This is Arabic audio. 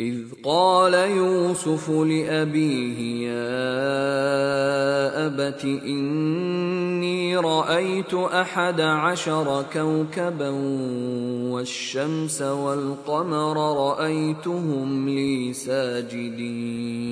إذ قال يوسف لأبيه يا أبت إني رأيت أحد عشر كوكبا والشمس والقمر رأيتهم لي ساجدين